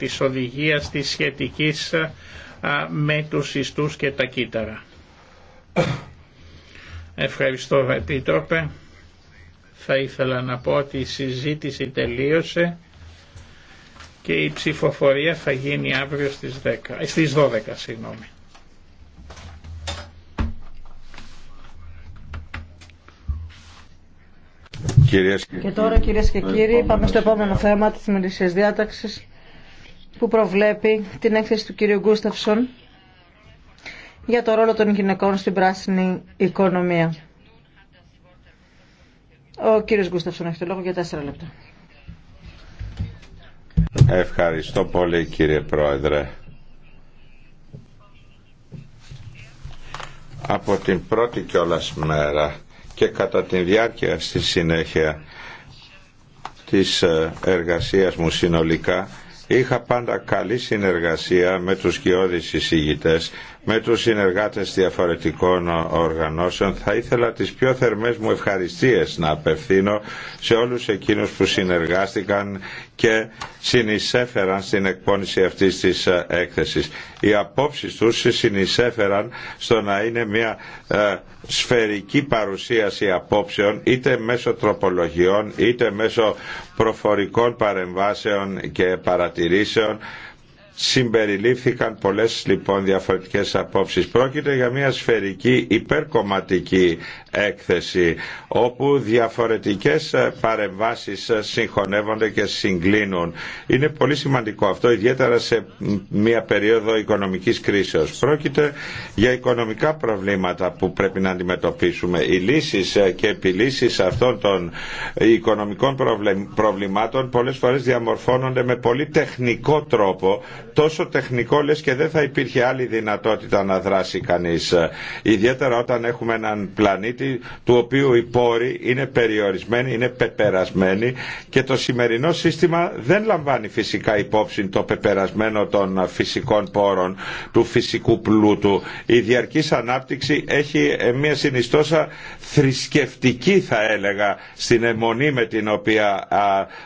της οδηγίας της σχετικής με τους ιστούς και τα κύτταρα. Ευχαριστώ Επίτροπε. Θα ήθελα να πω ότι η συζήτηση τελείωσε και η ψηφοφορία θα γίνει αύριο στις, 10, ε, στις 12. Συγγνώμη. Και τώρα κυρίες και κύριοι πάμε στο επόμενο θέμα της μελισσίας διάταξης που προβλέπει την έκθεση του κυρίου Γκούσταυσον για το ρόλο των γυναικών στην πράσινη οικονομία. Ο κύριος Γκούσταυσον έχει το λόγο για τέσσερα λεπτά. Ευχαριστώ πολύ κύριε Πρόεδρε. Από την πρώτη κιόλας μέρα και κατά τη διάρκεια στη συνέχεια της ε, εργασίας μου συνολικά Είχα πάντα καλή συνεργασία με τους κοιόδης εισηγητές με τους συνεργάτες διαφορετικών οργανώσεων. Θα ήθελα τις πιο θερμές μου ευχαριστίες να απευθύνω σε όλους εκείνους που συνεργάστηκαν και συνεισέφεραν στην εκπόνηση αυτής της έκθεσης. Οι απόψεις τους συνεισέφεραν στο να είναι μια ε, σφαιρική παρουσίαση απόψεων είτε μέσω τροπολογιών είτε μέσω προφορικών παρεμβάσεων και παρατηρήσεων Συμπεριλήφθηκαν πολλές λοιπόν διαφορετικές απόψεις. Πρόκειται για μια σφαιρική υπερκομματική έκθεση όπου διαφορετικές ε, παρεμβάσεις ε, συγχωνεύονται και συγκλίνουν. Είναι πολύ σημαντικό αυτό ιδιαίτερα σε μια περίοδο οικονομικής κρίσεως. Πρόκειται για οικονομικά προβλήματα που πρέπει να αντιμετωπίσουμε. Οι λύσεις ε, και επιλύσεις αυτών των οικονομικών προβλημάτων πολλές φορές διαμορφώνονται με πολύ τεχνικό τρόπο τόσο τεχνικό λες και δεν θα υπήρχε άλλη δυνατότητα να δράσει κανείς. Ιδιαίτερα όταν έχουμε έναν πλανήτη του οποίου οι πόροι είναι περιορισμένοι, είναι πεπερασμένοι και το σημερινό σύστημα δεν λαμβάνει φυσικά υπόψη το πεπερασμένο των φυσικών πόρων, του φυσικού πλούτου. Η διαρκής ανάπτυξη έχει ε, μια συνιστόσα θρησκευτική θα έλεγα στην αιμονή με την οποία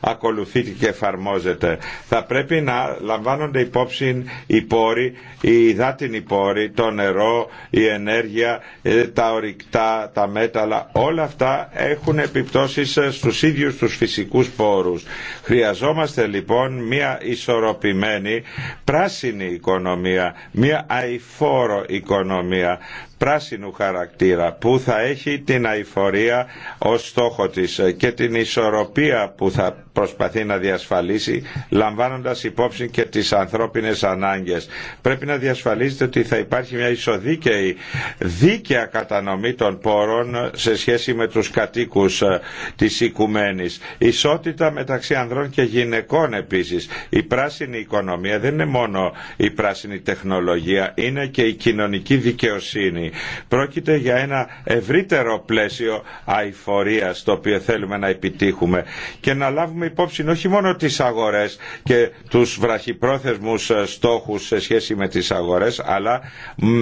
ακολουθείται και εφαρμόζεται. Θα πρέπει να λαμβάνονται υπόψη οι πόροι, οι υδάτινοι πόροι, το νερό, η ενέργεια, ε, τα ορυκτά, τα μέταλλα, όλα αυτά έχουν επιπτώσεις ε, στους ίδιους τους φυσικούς πόρους. Χρειαζόμαστε λοιπόν μια ισορροπημένη πράσινη οικονομία, μια αηφόρο οικονομία πράσινου χαρακτήρα που θα έχει την αηφορία ως στόχο της και την ισορροπία που θα προσπαθεί να διασφαλίσει λαμβάνοντας υπόψη και τις ανθρώπινες ανάγκες. Πρέπει να διασφαλίζεται ότι θα υπάρχει μια ισοδίκαιη δίκαια κατανομή των πόρων σε σχέση με τους κατοίκους ε, της οικουμένης. Ισότητα μεταξύ ανδρών και γυναικών επίσης. Η πράσινη οικονομία δεν είναι μόνο η πράσινη τεχνολογία, είναι και η κοινωνική δικαιοσύνη Πρόκειται για ένα ευρύτερο πλαίσιο αηφορία το οποίο θέλουμε να επιτύχουμε και να λάβουμε υπόψη όχι μόνο τις αγορές και τους βραχυπρόθεσμους ε, στόχους σε σχέση με τις αγορές αλλά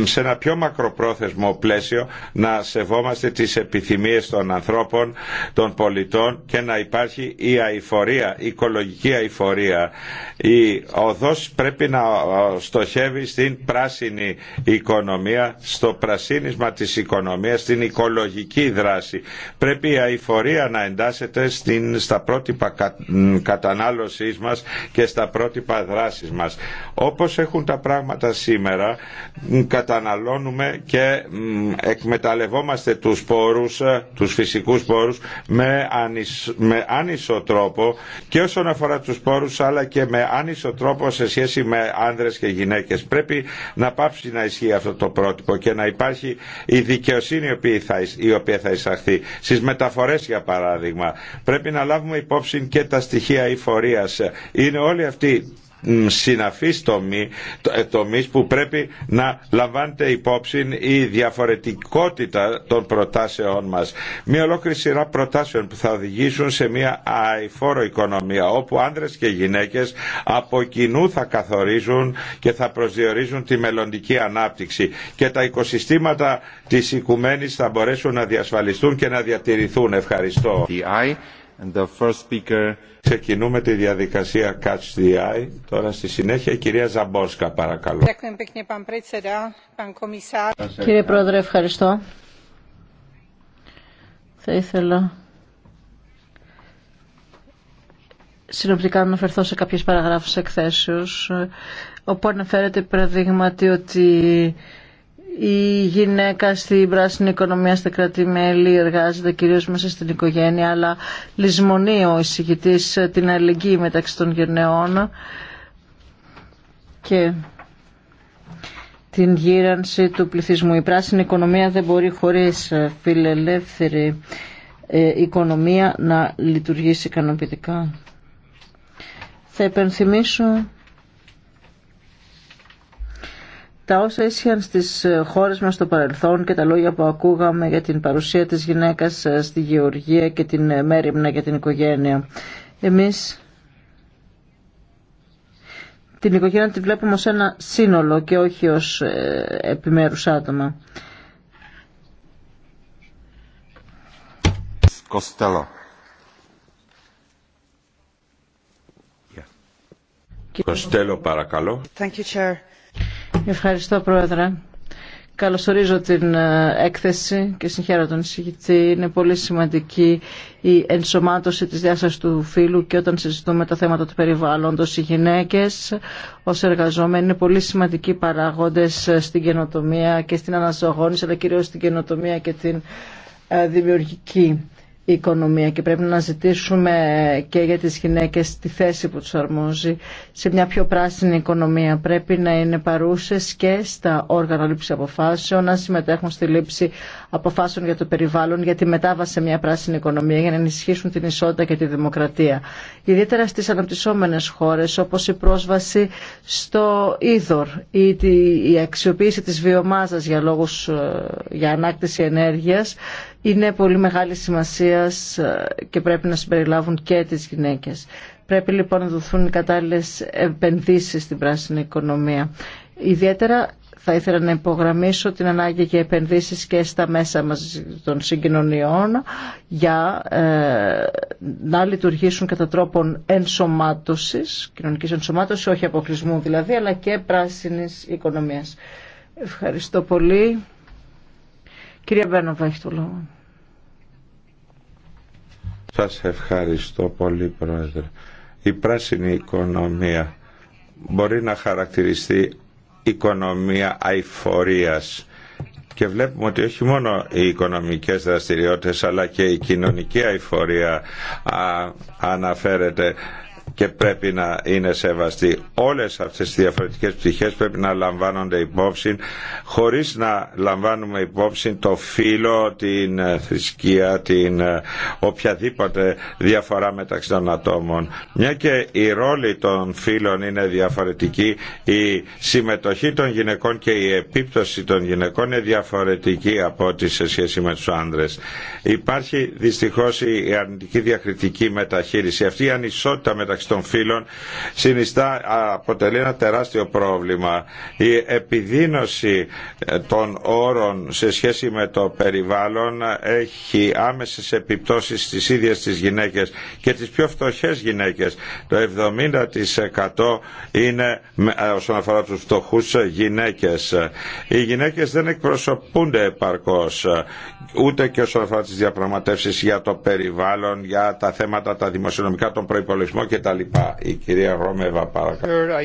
σε ένα πιο μακροπρόθεσμο πλαίσιο να σεβόμαστε τις επιθυμίες των ανθρώπων, των πολιτών και να υπάρχει η αηφορία, η οικολογική αηφορία. Η οδός πρέπει να ε, στοχεύει στην πράσινη οικονομία, στο πρασινό σύνισμα της οικονομίας, στην οικολογική δράση. Πρέπει η αηφορία να εντάσσεται στην, στα πρότυπα κατανάλωσής μας και στα πρότυπα δράσης μας. Όπως έχουν τα πράγματα σήμερα, καταναλώνουμε και εκμεταλλευόμαστε τους πόρους, ε, τους φυσικούς πόρους, με, με άνισο τρόπο και όσον αφορά τους πόρους, αλλά και με άνισο τρόπο σε σχέση με άνδρες και γυναίκες. Πρέπει να πάψει να ισχύει αυτό το πρότυπο και να υπάρχει υπάρχει η δικαιοσύνη η οποία θα εισαχθεί. Στις μεταφορές για παράδειγμα πρέπει να λάβουμε υπόψη και τα στοιχεία φορεία. Είναι όλοι αυτοί συναφείς τομή, ε, που πρέπει να λαμβάνεται υπόψη η διαφορετικότητα των προτάσεών μας. Μια ολόκληρη σειρά προτάσεων που θα οδηγήσουν σε μια αηφόρο οικονομία όπου άνδρες και γυναίκες από κοινού θα καθορίζουν και θα προσδιορίζουν τη μελλοντική ανάπτυξη και τα οικοσυστήματα της οικουμένης θα μπορέσουν να διασφαλιστούν και να διατηρηθούν. Ευχαριστώ. Ξεκινούμε τη διαδικασία Catch the Eye. Τώρα στη συνέχεια η κυρία Ζαμπόσκα, παρακαλώ. Κύριε Πρόεδρε ευχαριστώ. Θα ήθελα συνοπτικά να αναφερθώ σε κάποιες παραγράφους εκθέσεως όπου αναφέρεται παραδείγματι ότι η γυναίκα στην πράσινη οικονομία στα κράτη-μέλη εργάζεται κυρίως μέσα στην οικογένεια αλλά λησμονεί ο εισηγητής την αλληλεγγύη μεταξύ των γενναιών και την γύρανση του πληθυσμού. Η πράσινη οικονομία δεν μπορεί χωρίς φιλελεύθερη ε, οικονομία να λειτουργήσει ικανοποιητικά. Θα επενθυμίσω τα όσα ίσχυαν στις χώρες μας στο παρελθόν και τα λόγια που ακούγαμε για την παρουσία της γυναίκας ε, στη γεωργία και την ε, μέρημνα για την οικογένεια. Εμείς την οικογένεια τη βλέπουμε ως ένα σύνολο και όχι ως ε, επιμέρους άτομα. Κοστέλο. Κοστέλο παρακαλώ. Thank you, Chair. Ευχαριστώ Πρόεδρε. Καλωσορίζω την ε, έκθεση και συγχαίρω τον εισηγητή. Είναι πολύ σημαντική η ενσωμάτωση της διάσταση του φύλου και όταν συζητούμε τα θέματα του περιβάλλοντος οι γυναίκες ως εργαζόμενοι είναι πολύ σημαντικοί παράγοντες ε, στην καινοτομία και στην αναζωογόνηση αλλά κυρίως στην καινοτομία και την ε, δημιουργική οικονομία και πρέπει να ζητήσουμε και για τις γυναίκες τη θέση που τους αρμόζει σε μια πιο πράσινη οικονομία. Πρέπει να είναι παρούσες και στα όργανα λήψη αποφάσεων, να συμμετέχουν στη λήψη αποφάσεων για το περιβάλλον, για τη μετάβαση σε μια πράσινη οικονομία, για να ενισχύσουν την ισότητα και τη δημοκρατία. Ιδιαίτερα στι αναπτυσσόμενες χώρες, όπως η πρόσβαση στο είδωρ ή η αξιοποίηση της βιομάζας για, λόγους, ε, για ανάκτηση ενέργειας, είναι πολύ μεγάλη σημασία ε, και πρέπει να συμπεριλάβουν και τι γυναίκε. Πρέπει λοιπόν να δοθούν οι κατάλληλες στην πράσινη οικονομία. Ιδιαίτερα θα ήθελα να υπογραμμίσω την ανάγκη για επενδύσεις και στα μέσα μας των συγκοινωνιών για ε, να λειτουργήσουν κατά τρόπον ενσωμάτωσης, κοινωνικής ενσωμάτωσης, όχι αποκλεισμού δηλαδή, αλλά και πράσινης οικονομίας. Ευχαριστώ πολύ. Κυρία Μπένοβα, έχει το λόγο. Σας ευχαριστώ πολύ, Πρόεδρε. Η πράσινη οικονομία μπορεί να χαρακτηριστεί οικονομία αηφορίας και βλέπουμε ότι όχι μόνο οι οικονομικές δραστηριότητες αλλά και η κοινωνική αηφορία αναφέρεται και πρέπει να είναι σεβαστή. Όλες αυτές τις διαφορετικές πτυχές πρέπει να λαμβάνονται υπόψη χωρίς να λαμβάνουμε υπόψη το φύλλο, την ε, θρησκεία, την ε, οποιαδήποτε διαφορά μεταξύ των ατόμων. Μια και η ρόλη των φύλων είναι διαφορετική, η συμμετοχή των γυναικών και η επίπτωση των γυναικών είναι διαφορετική από ό,τι σε σχέση με τους άνδρες. Υπάρχει δυστυχώς η αρνητική διακριτική μεταχείριση. Αυτή η ανισότητα μεταξύ μεταξύ των φύλων συνιστά, αποτελεί ένα τεράστιο πρόβλημα. Η επιδίνωση ε, των όρων σε σχέση με το περιβάλλον έχει άμεσες επιπτώσεις στις ίδιες τις γυναίκες και τις πιο φτωχές γυναίκες. Το 70% είναι ε, όσον αφορά τους φτωχούς ε, γυναίκες. Οι γυναίκες δεν εκπροσωπούνται επαρκώς ούτε και όσον αφορά τις διαπραγματεύσεις για το περιβάλλον, για τα θέματα τα δημοσιονομικά, τον προϋπολογισμό κτλ. Η κυρία Ρόμεβα παρακαλώ.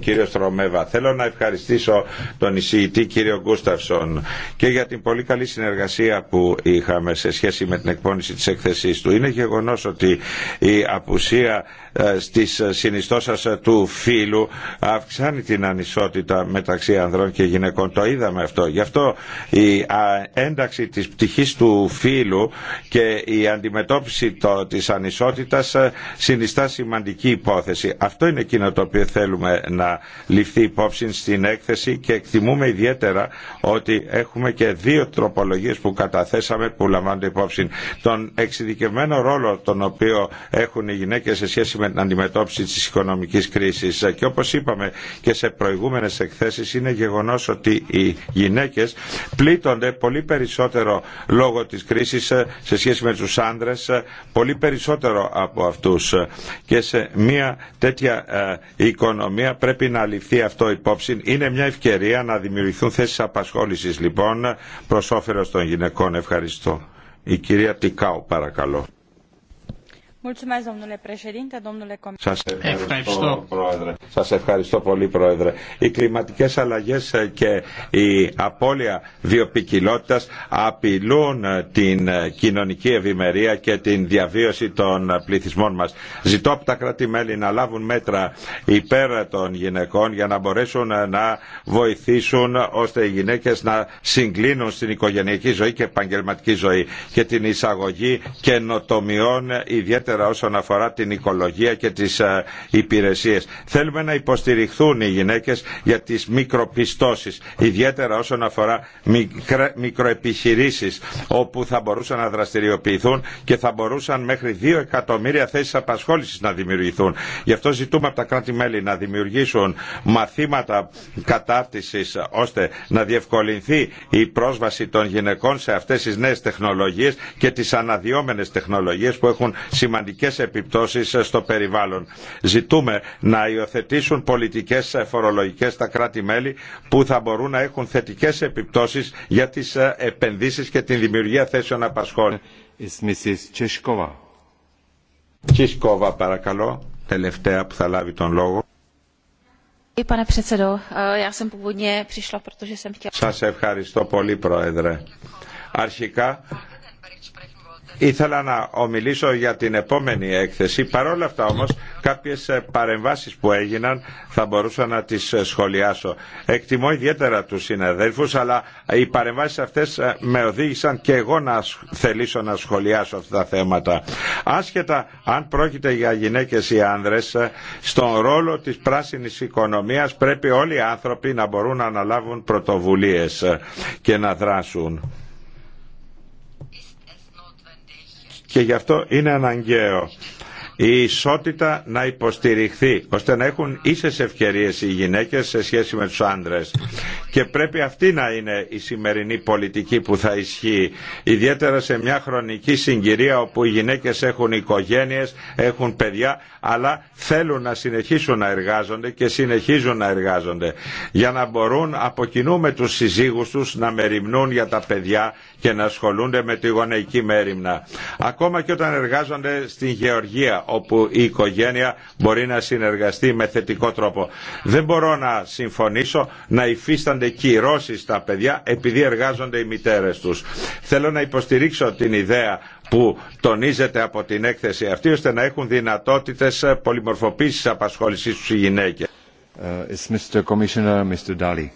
Κύριε Στρομέβα, θέλω να ευχαριστήσω τον εισηγητή κύριο Γκούσταυσον και για την πολύ καλή συνεργασία που είχαμε σε σχέση με την εκπόνηση της εκθεσής του. Είναι γεγονός ότι η απουσία ε, στις συνιστώσεις του φίλου αυξάνει την ανισότητα μεταξύ ανδρών και γυναικών. Το είδαμε αυτό. Γι' αυτό η ένταξη της πτυχής του φίλου και η αντιμετώπιση της ανισότητας ε, συνιστά σημαντική υπόθεση. Αυτό είναι εκείνο οποίο θέλουμε να ληφθεί υπόψη στην έκθεση και εκτιμούμε ιδιαίτερα ότι έχουμε και δύο τροπολογίες που καταθέσαμε που λαμβάνονται υπόψη. Τον εξειδικευμένο ρόλο τον οποίο έχουν οι γυναίκες σε σχέση με την αντιμετώπιση της οικονομικής κρίσης και όπως είπαμε και σε προηγούμενες εκθέσεις είναι γεγονός ότι οι γυναίκες πλήττονται πολύ περισσότερο λόγω της κρίσης ε, σε σχέση με τους άντρες ε, πολύ περισσότερο από αυτούς και σε μια τέτοια ε, η οικονομία πρέπει να ληφθεί αυτό υπόψη. Είναι μια ευκαιρία να δημιουργηθούν θέσεις απασχόλησης λοιπόν προς όφελο των γυναικών. Ευχαριστώ. Η κυρία Τικάου παρακαλώ. Σας ευχαριστώ, Πρόεδρε. Σας ευχαριστώ πολύ, Πρόεδρε. Οι κλιματικές αλλαγές ε, και η απώλεια βιοπικιλότητας απειλούν ε, την ε, κοινωνική ευημερία και την διαβίωση των πληθυσμών μας. Ζητώ από τα κράτη-μέλη να λάβουν μέτρα υπέρ των γυναικών για να μπορέσουν να βοηθήσουν ώστε οι γυναίκες να συγκλίνουν στην οικογενειακή ζωή και επαγγελματική ζωή και την εισαγωγή καινοτομιών ιδιαίτερα ιδιαίτερα όσον αφορά την οικολογία και τις ε, υπηρεσίες. Θέλουμε να υποστηριχθούν οι γυναίκες για τις μικροπιστώσεις, ιδιαίτερα όσον αφορά μικροεπιχειρήσεις όπου θα μπορούσαν να δραστηριοποιηθούν και θα μπορούσαν μέχρι 2 εκατομμύρια θέσεις απασχόλησης να δημιουργηθούν. Γι' αυτό ζητούμε από τα κράτη-μέλη να δημιουργήσουν μαθήματα κατάρτισης ώστε να διευκολυνθεί η πρόσβαση των γυναικών σε αυτές τις νέες τεχνολογίες και τις αναδυόμενες τεχνολογίες που έχουν σημασία σημαντικές επιπτώσεις στο περιβάλλον. Ζητούμε να υιοθετήσουν πολιτικές φορολογικές τα κράτη-μέλη που θα μπορούν να έχουν θετικές επιπτώσεις για τις επενδύσεις και την δημιουργία θέσεων απασχόλησης. Τσίσκοβα παρακαλώ, τελευταία που θα λάβει τον λόγο. Σας ευχαριστώ πολύ Πρόεδρε. Αρχικά Ήθελα να ομιλήσω για την επόμενη έκθεση. Παρόλα αυτά όμως κάποιες ε, παρεμβάσεις που έγιναν θα μπορούσα να τις ε, σχολιάσω. Εκτιμώ ιδιαίτερα τους συναδέλφους αλλά οι παρεμβάσεις αυτές ε, με οδήγησαν και εγώ να θελήσω να σχολιάσω αυτά τα θέματα. Άσχετα αν πρόκειται για γυναίκες ή άνδρες στον ρόλο της πράσινης οικονομίας πρέπει όλοι οι άνθρωποι να μπορούν να αναλάβουν πρωτοβουλίες και να δράσουν. και γι' αυτό είναι αναγκαίο η ισότητα να υποστηριχθεί ώστε να έχουν ίσες ευκαιρίες οι γυναίκες σε σχέση με τους άντρες και πρέπει αυτή να είναι η σημερινή πολιτική που θα ισχύει ιδιαίτερα σε μια χρονική συγκυρία όπου οι γυναίκες έχουν οικογένειες, έχουν παιδιά αλλά θέλουν να συνεχίσουν να εργάζονται και συνεχίζουν να εργάζονται για να μπορούν από κοινού με τους συζύγους τους να μεριμνούν για τα παιδιά και να ασχολούνται με τη γονεϊκή μέρημνα. Ακόμα και όταν εργάζονται στην γεωργία όπου η οικογένεια μπορεί να συνεργαστεί με θετικό τρόπο. Δεν μπορώ να συμφωνήσω να υφίστανται κυρώσεις στα παιδιά επειδή εργάζονται οι μητέρες τους. Θέλω να υποστηρίξω την ιδέα που τονίζεται από την έκθεση αυτή ώστε να έχουν δυνατότητες πολυμορφοποίησης απασχόλησής του οι γυναίκες. Uh, Mr.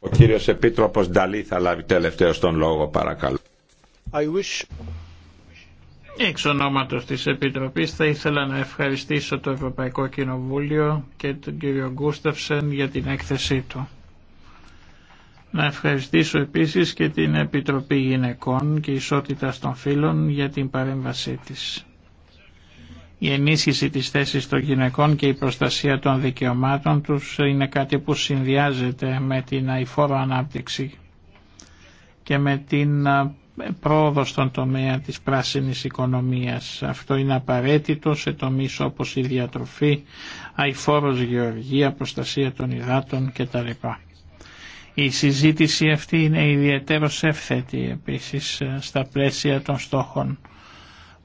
Ο κύριος Επίτροπος Νταλή θα λάβει τελευταίο τον λόγο παρακαλώ. Εξ ονόματο της Επιτροπής θα ήθελα να ευχαριστήσω το Ευρωπαϊκό Κοινοβούλιο και τον κύριο Γκούσταυσεν για την έκθεσή του. Να ευχαριστήσω επίσης και την Επιτροπή Γυναικών και ισότητα των φίλων για την παρέμβασή της. Η ενίσχυση της θέσης των γυναικών και η προστασία των δικαιωμάτων τους είναι κάτι που συνδυάζεται με την αηφόρο ανάπτυξη και με την πρόοδο στον τομέα της πράσινης οικονομίας. Αυτό είναι απαραίτητο σε τομείς όπως η διατροφή, αηφόρος γεωργία, προστασία των υδάτων κτλ. Η συζήτηση αυτή είναι ιδιαίτερο εύθετη επίσης ε, στα πλαίσια των στόχων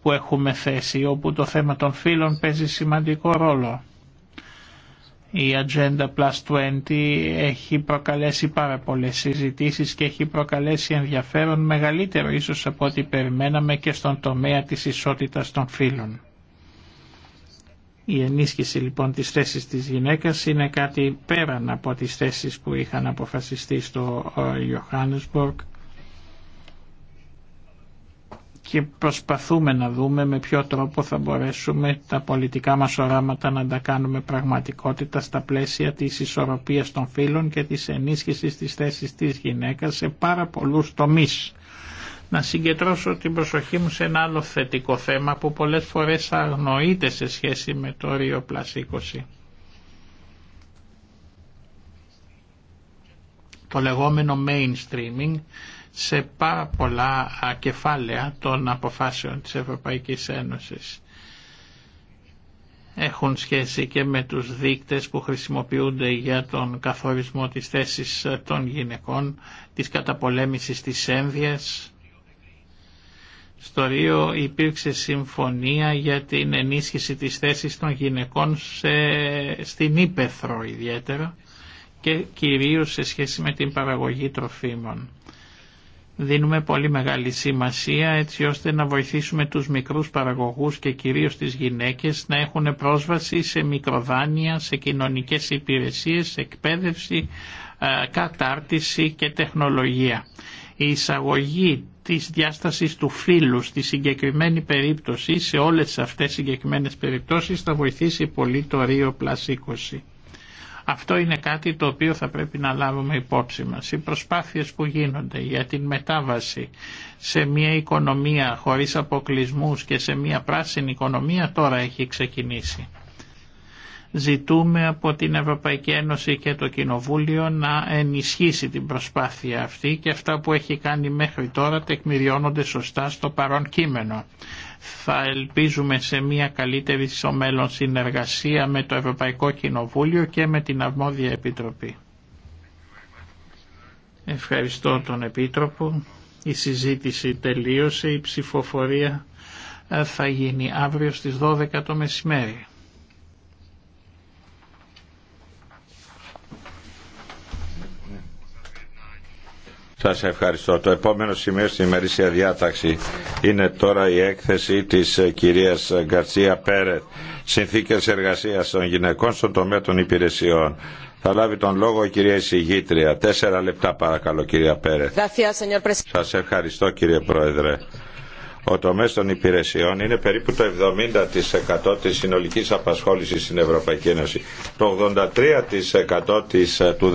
που έχουμε θέσει, όπου το θέμα των φύλων παίζει σημαντικό ρόλο. Η Agenda Plus 20 έχει προκαλέσει πάρα πολλές συζητήσεις και έχει προκαλέσει ενδιαφέρον μεγαλύτερο ίσως από ό,τι περιμέναμε και στον τομέα της ισότητας των φύλων. Η ενίσχυση λοιπόν της θέσης της γυναίκας είναι κάτι πέραν από τις θέσεις που είχαν αποφασιστεί στο ε, Johannesburg και προσπαθούμε να δούμε με ποιο τρόπο θα μπορέσουμε τα πολιτικά μας οράματα να τα κάνουμε πραγματικότητα στα πλαίσια της ισορροπίας των φύλων και της ενίσχυσης της θέσης της γυναίκας σε πάρα πολλούς τομείς. Να συγκεντρώσω την προσοχή μου σε ένα άλλο θετικό θέμα που πολλές φορές αγνοείται σε σχέση με το Ρίο Το λεγόμενο mainstreaming σε πάρα πολλά κεφάλαια των αποφάσεων της Ευρωπαϊκής Ένωσης. Έχουν σχέση και με τους δείκτες που χρησιμοποιούνται για τον καθορισμό της θέσης των γυναικών, της καταπολέμησης της ένδυας. Στο Ρίο υπήρξε συμφωνία για την ενίσχυση της θέσης των γυναικών σε, στην Ήπεθρο ιδιαίτερα και κυρίως σε σχέση με την παραγωγή τροφίμων δίνουμε πολύ μεγάλη σημασία έτσι ώστε να βοηθήσουμε τους μικρούς παραγωγούς και κυρίως τις γυναίκες να έχουν πρόσβαση σε μικροδάνεια, σε κοινωνικές υπηρεσίες, εκπαίδευση, ε, κατάρτιση και τεχνολογία. Η εισαγωγή της διάστασης του φύλου στη συγκεκριμένη περίπτωση, σε όλες αυτές τις συγκεκριμένες περιπτώσεις, θα βοηθήσει πολύ το Ρίο αυτό είναι κάτι το οποίο θα πρέπει να λάβουμε υπόψη μας. Οι προσπάθειες που γίνονται για την μετάβαση σε μια οικονομία χωρίς αποκλεισμούς και σε μια πράσινη οικονομία τώρα έχει ξεκινήσει ζητούμε από την Ευρωπαϊκή Ένωση και το Κοινοβούλιο να ενισχύσει την προσπάθεια αυτή και αυτά που έχει κάνει μέχρι τώρα τεκμηριώνονται σωστά στο παρόν κείμενο. Θα ελπίζουμε σε μια καλύτερη στο μέλλον συνεργασία με το Ευρωπαϊκό Κοινοβούλιο και με την Αρμόδια Επιτροπή. Ευχαριστώ τον Επίτροπο. Η συζήτηση τελείωσε. Η ψηφοφορία ε, θα γίνει αύριο στις 12 το μεσημέρι. Σα ευχαριστώ. Το επόμενο σημείο στη ημερήσια διάταξη είναι τώρα η έκθεση τη ε, κυρία Γκαρσία Πέρετ Συνθήκε εργασία των γυναικών στον τομέα των υπηρεσιών». Θα λάβει τον λόγο η κυρία εισηγήτρια. Τέσσερα λεπτά παρακαλώ κυρία Πέρετ. Σα ευχαριστώ κύριε Πρόεδρε. Ο τομέα των υπηρεσιών είναι περίπου το 70% τη συνολική απασχόληση στην Ευρωπαϊκή Ένωση. Το 83% της, ε, του